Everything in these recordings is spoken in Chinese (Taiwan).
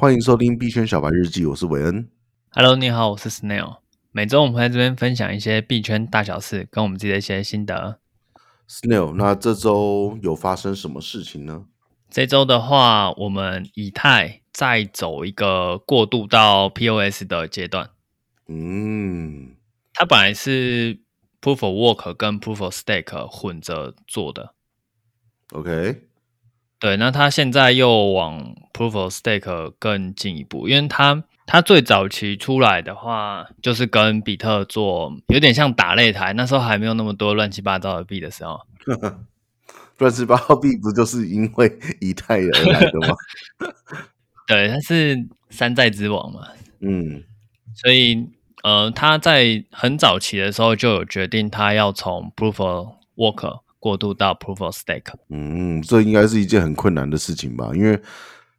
歡迎收聽《幣圈小白日記》，我是韋恩。Hello，你好，我是 Snail。每周我們會在這邊分享一些幣圈大小事，跟我們自己的一些心得。Snail，那這週有發生什麼事情呢？這週的話，我們以太在走一個過渡到 POS 的階段。嗯，它本來是 Proof of Work 跟 Proof of Stake 混着做的。OK。對，那他現在又往 Proof of Stake 更進一步，因為他他最早期出來的話，就是跟比特做有點像打擂台，那時候還沒有那麼多亂七八糟的幣的時候，呵呵亂七八糟幣不就是因為以太而來的嗎？ 對，他是山寨之王嘛，嗯，所以呃，他在很早期的時候就有決定，他要從 Proof of Work，過渡到 Proof of Stake，嗯，這應該是一件很困難的事情吧？因為，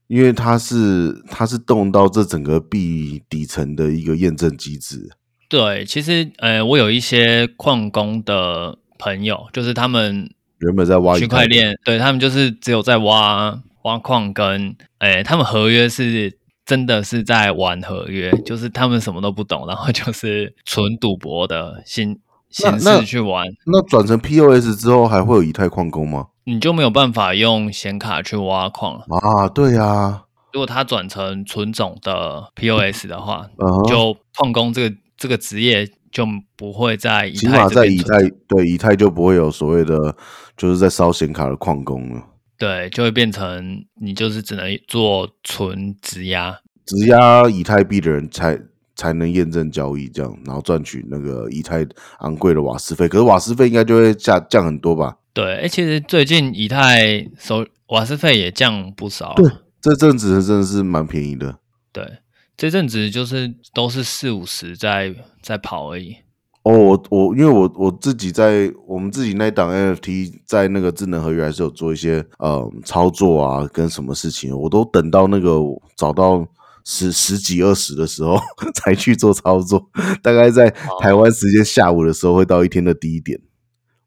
因為它是它是動到這整個幣底層的一個驗證機制。對，其實，呃，我有一些礦工的朋友，就是他們原本在挖區塊鏈，對他們就是只有在挖挖礦根，跟，哎，他們合約是真的是在玩合約，就是他們什麼都不懂，然後就是純賭博的心。嗯顯示去玩，那轉成 POS 之後還會有以太礦工嗎？你就沒有辦法用顯卡去挖礦了啊？對呀，啊，如果它轉成純種的 POS 的話，嗯嗯，就礦工這個這個職業就不會在以太，起碼在以太，對以太就不會有所謂的，就是在燒顯卡的礦工了。對，就會變成你就是只能做純質押，質押以太幣的人才。才能驗證交易，這樣然後賺取那個以太昂貴的瓦斯費，可是瓦斯費應該就會下降很多吧？對，哎、欸，其實最近以太收瓦斯費也降不少，啊，對，這陣子的真的是蠻便宜的。對，這陣子就是都是四五十在在跑而已。哦，我我因為我我自己在我們自己那檔 NFT 在那個智能合約還是有做一些呃操作啊，跟什麼事情，我都等到那個找到。十十幾二十的時候才去做操作，大概在台灣時間下午的時候會到一天的低點，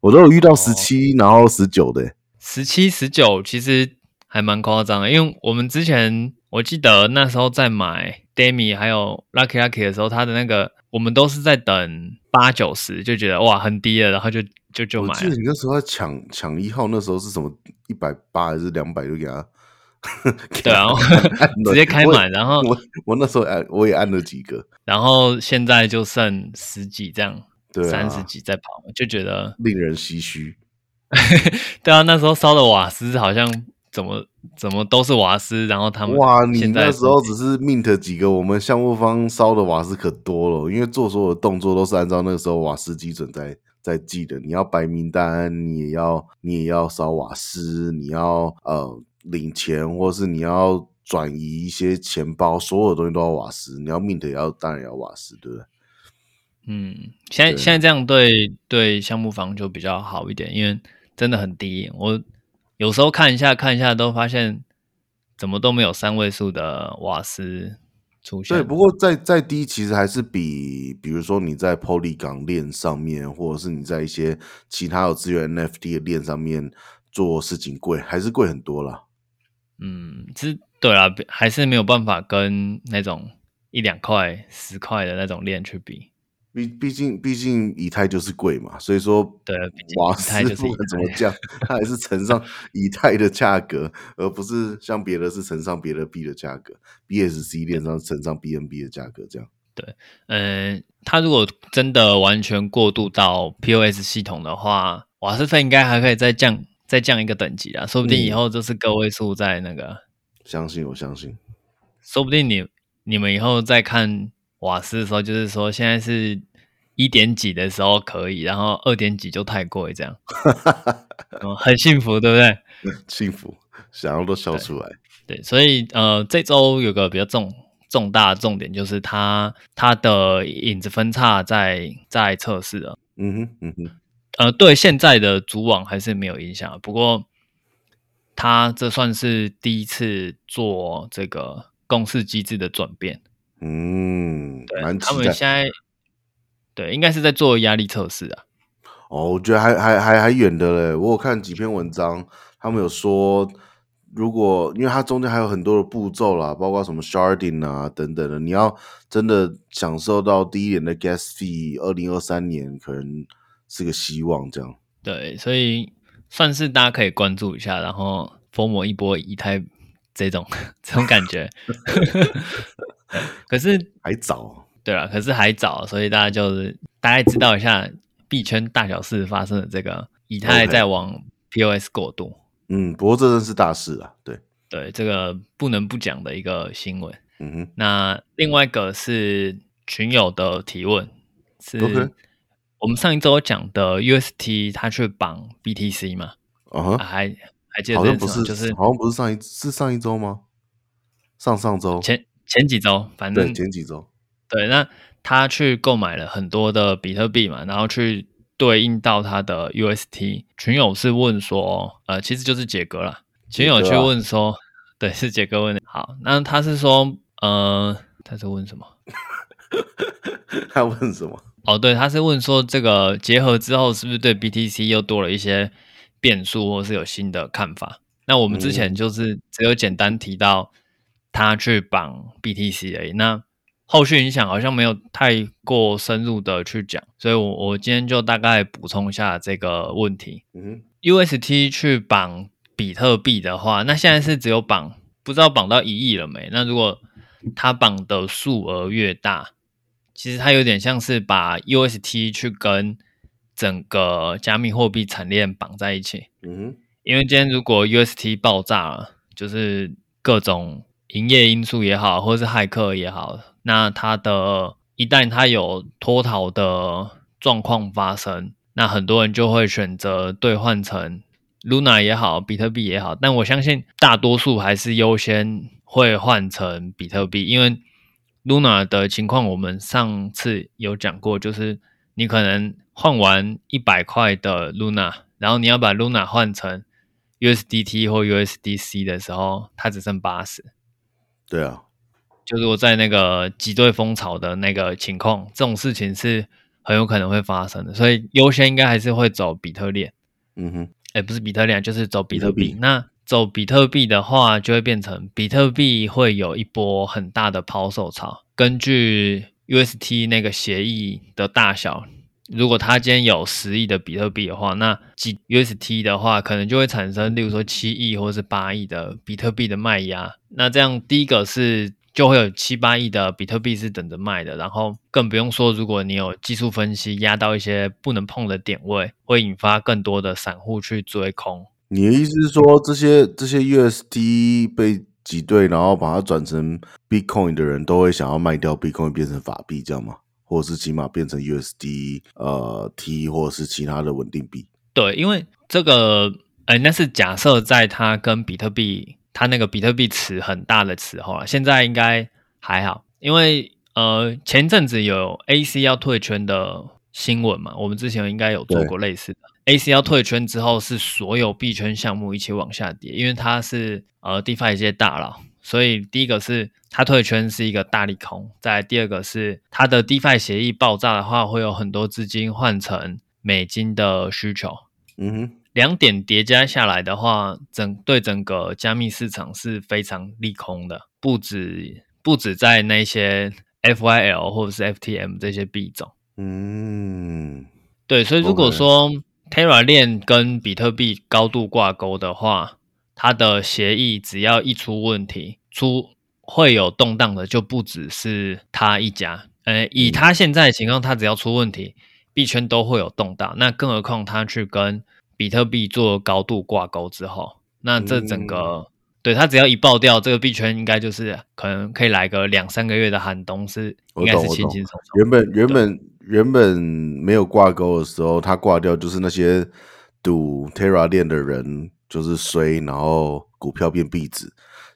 我都有遇到十七、哦，然後十九的十七十九，17, 其實還蠻誇張的，因為我們之前我記得那時候在買 Demi 還有 Lucky Lucky 的時候，他的那個我們都是在等八九十就覺得哇很低了，然後就就就買了。記得你那時候搶搶一號，那時候是什麼一百八還是兩百就給他。 Can 't 對啊，了直接開滿，也然後我我，我那時候按我也按了幾個，然後現在就剩十幾這樣，對，啊，三十幾在跑，就覺得令人唏噓。 對啊，那時候燒的瓦斯好像怎麼怎麼都是瓦斯，然後他們現在哇，你那時候只是 Mint 幾個，我們項目方燒的瓦斯可多了，因為做所有的動作都是按照那個時候瓦斯基準在在記的，你要白名單，你也要你也要燒瓦斯，你要呃。領錢或是你要轉移一些錢包，所有的東西都要瓦斯。你要 Mint 也要當然要瓦斯，對不對？嗯，現在對現在這樣對對，項目方就比較好一點，因為真的很低。我有時候看一下看一下都發現怎麼都沒有三位數的瓦斯出現。對，不過再再低，其實還是比比如說你在 polygon 鏈上面，或者是你在一些其他有資源 NFT 的鏈上面做事情貴，還是貴很多啦。嗯，是，對啊，還是沒有辦法跟那種一兩塊、十塊的那種鏈去比，畢畢竟畢竟以太就是貴嘛，所以說，對，瓦斯不管怎麼降， 它還是乘上以太的價格，而不是像別的是乘上別的幣的價格，BSC 鏈上乘上 BNB 的價格這樣。對，嗯、呃，它如果真的完全過渡到 POS 系統的話，瓦斯費應該還可以再降。再降一個等級啊，說不定以後就是個位數在那個。嗯嗯、相信我相信，說不定你你們以後在看瓦斯的時候，就是說現在是一點幾的時候可以，然後二點幾就太貴，這樣。 嗯，很幸福，對不對？幸福，想要都笑出來。對，對，所以呃，這週有個比較重重大的重點，就是它它的影子分岔在在測試了。嗯哼，嗯哼。呃，對現在的主網還是沒有影響，不過他這算是第一次做這個共識機制的轉變，嗯蠻期待，他們現在、嗯、對應該是在做壓力測試啊。哦，我覺得還還還還遠的嘞。我有看幾篇文章，他們有說，如果因為它中間還有很多的步驟啦，包括什麼 sharding 啊等等的，你要真的享受到第一年的 gas fee，二零二三年可能。這個希望，這樣對，所以算是大家可以關注一下，然後 FOMO 一波以太這種這種感覺。 對，可是還早，對啊，可是還早，所以大家就是大概知道一下幣圈大小事發生的這個以太在往 POS 過渡。Okay. 嗯，不過這真是大事啊，對對，這個不能不講的一個新聞。嗯哼，那另外一個是群友的提問是。Okay. 我們上一周講的 UST，他去綁 BTC 嘛？Uh huh、啊，還還記得不是？就是好像不是上一，是上一周嗎？上上周前前幾周，反正前幾周對。那他去購買了很多的比特幣嘛，然後去對應到他的 UST。群友是問說，呃，其實就是杰哥啦，啊、群友去問說，對，是杰哥問的。好，那他是說，呃，他是問什麼？ 他問什麼？哦，對，他是問說這個結合之後是不是對 BTC 又多了一些變數，或是有新的看法？那我們之前就是只有簡單提到他去綁 BTC 而已，那後續影響好像沒有太過深入的去講，所以我我今天就大概補充一下這個問題。嗯哼，UST 去綁比特幣的話，那現在是只有綁，不知道綁到一億了沒？那如果他綁的數額越大，其實它有點像是把 UST 去跟整個加密貨幣產業鏈綁在一起。嗯，因為今天如果 UST 爆炸了，就是各種營業因素也好，或是駭客也好，那它的一旦它有脫逃的狀況發生，那很多人就會選擇兌換成 Luna 也好，比特幣也好。但我相信大多數還是優先會換成比特幣，因為，Luna 的情況，我們上次有講過，就是你可能換完一百塊的 Luna，然後你要把 Luna 換成 USDT 或 USDC 的時候，它只剩八十。對啊，就是我在那個擠兌風潮的那個情況，這種事情是很有可能會發生的，所以優先應該還是會走比特鏈。嗯哼，哎，不是比特鏈，就是走比特幣。比特比那走比特幣的話，就會變成比特幣會有一波很大的拋售潮。根據 UST 那個協議的大小，如果它今天有十億的比特幣的話，那幾 UST 的話，可能就會產生，例如說七億或者是八億的比特幣的賣壓。那這樣第一個是就會有七八億的比特幣是等着賣的，然後更不用說，如果你有技術分析壓到一些不能碰的點位，會引發更多的散戶去追空。你的意思是說，這，這些這些 USD 被擠兌，然後把它轉成 Bitcoin 的人都會想要賣掉 Bitcoin 變成法幣，這樣嗎？或者是起碼變成 USD、呃、呃 T 或者是其他的穩定幣？對，因為這個，哎、呃，那是假設在它跟比特幣它那個比特幣池很大的時候啊，現在應該還好，因為呃前陣子有 AC 要退圈的新聞嘛，我們之前應該有做過類似的。ACL 退圈之後，是所有幣圈項目一起往下跌，因為它是呃 DeFi 界大佬，所以第一個是它退圈是一個大利空。再來第二個是它的 DeFi 協議爆炸的話，會有很多資金換成美金的需求。嗯哼，兩點疊加下來的話，整，對整個加密市場是非常利空的，不止不止在那些 FYL 或者是 FTM 這些幣種。嗯，對，所以如果說 Terra 鏈跟比特幣高度掛鈎的話，它的協議只要一出問題，出會有動盪的就不只是它一家。呃，以它現在的情況，它只要出問題，幣圈都會有動盪。那更何況它去跟比特幣做高度掛鈎之後，那這整個。對，他只要一爆掉，這個幣圈應該就是可能可以來個兩三個月的寒冬是，是懂應該是輕輕鬆鬆。原本對原本原本沒有掛鈎的時候，它掛掉就是那些賭 Terra 鏈的人，就是衰，然後股票變壁紙。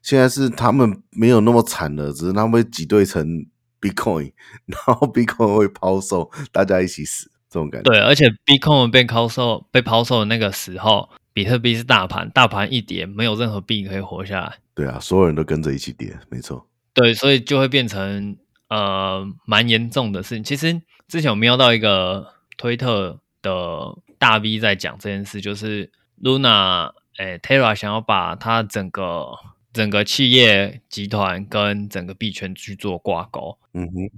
現在是他們沒有那麼慘了，只是他們會擠兌成 Bitcoin，然後 Bitcoin 會拋售，大家一起死，這種感覺。對，而且 Bitcoin 被拋售被拋售的那個時候。比特幣是大盤，大盤一跌，沒有任何幣可以活下來。對啊，所有人都跟着一起跌，沒錯。對，所以就會變成呃，蠻嚴重的事情。其實之前我瞄到一個推特的大 V 在講這件事，就是 Luna，哎，Terra 想要把他整個整個企業集團跟整個幣圈去做掛鈎，嗯哼，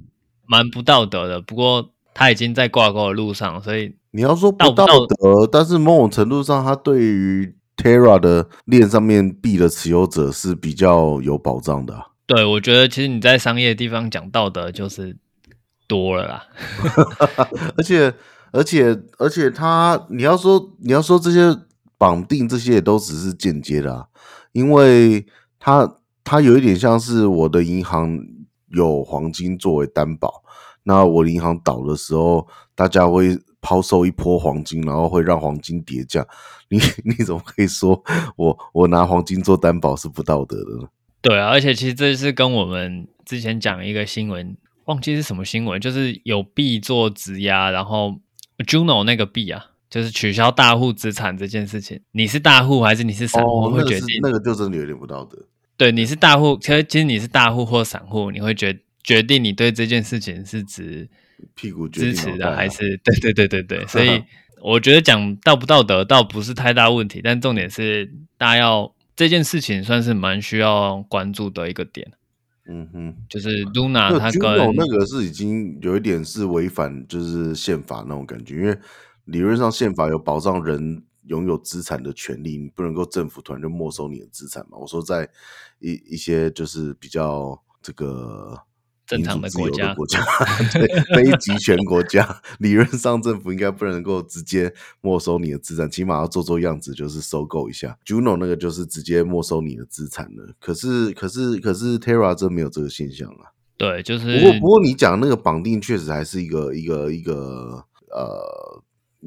蠻不道德的。不過。他已經在掛鈎的路上，所以你要說不道德，道不道德，但是某種程度上，他對於 Terra 的鏈上面幣的持有者是比較有保障的啊。對，我覺得其實你在商業的地方講道德就是多了啦。 而且，而且，而且他，他你要說，你要說這些綁定這些也都只是間接的啊，因為他他有一點像是我的銀行有黃金作為擔保。那我銀行倒的時候，大家會拋售一波黃金，然後會讓黃金跌價。你你怎麼可以說我我拿黃金做擔保是不道德的呢？對啊，而且其實這是跟我們之前講一個新聞，忘記是什麼新聞，就是有幣做質押，然後 Juno 那個幣啊，就是取消大戶資產這件事情。你是大戶還是你是散戶？我、哦那個、會覺得那個就真的有點不道德。對，你是大戶，其實其實你是大戶或散戶，你會覺得。決定你對這件事情是指屁股支持的還是對對對對對，對，所以我覺得講道不道德倒不是太大問題，但重點是大家要這件事情算是蠻需要關注的一個點。嗯哼，就是 Luna 他個人那個是已經有一點是違反就是憲法那種感覺，因為理論上憲法有保障人擁有資產的權利，你不能夠政府突然就沒收你的資產嘛。我說在一一些就是比較這個。正常民主自由的國家，非 集權國家，理論 上政府應該不能夠直接沒收你的資產，起碼要做做樣子，就是收購一下。Juno 那個就是直接沒收你的資產了，可是可是可是 Terra 這沒有這個現象啊。對，就是。不過不過你講那個綁定確實還是一個一個一個呃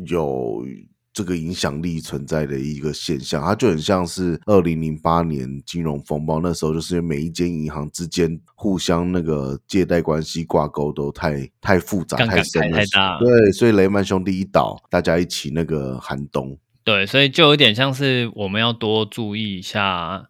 有。這個影響力存在的一個現象，它就很像是二零零八年金融風暴那時候，就是因為每一間銀行之間互相那個借貸關係掛鈎都太太複雜、剛剛開太深、太大。對，所以雷曼兄弟一倒，大家一起那個寒冬。對，所以就有點像是我們要多注意一下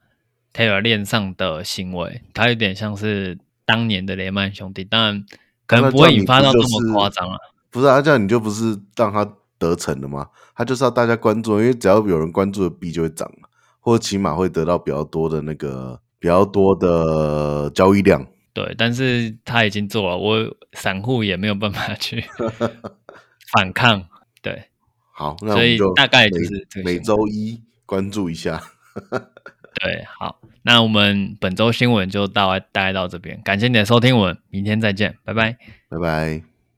Terra 鏈上的行為，它有點像是當年的雷曼兄弟，當然可能不會引發到這麼誇張了、啊就是。不是、啊，這樣你就不是讓他。得逞的嗎？他就是要大家關注，因為只要有人關注的幣就會漲，或起碼會得到比較多的那個比較多的交易量。對，但是他已經做了，我散戶也沒有辦法去反抗。 對，好，那我們所以大概就是每周一關注一下。 對，好，那我們本周新聞就到，大概到這邊，感謝你的收聽，我們明天再見，拜拜，拜拜。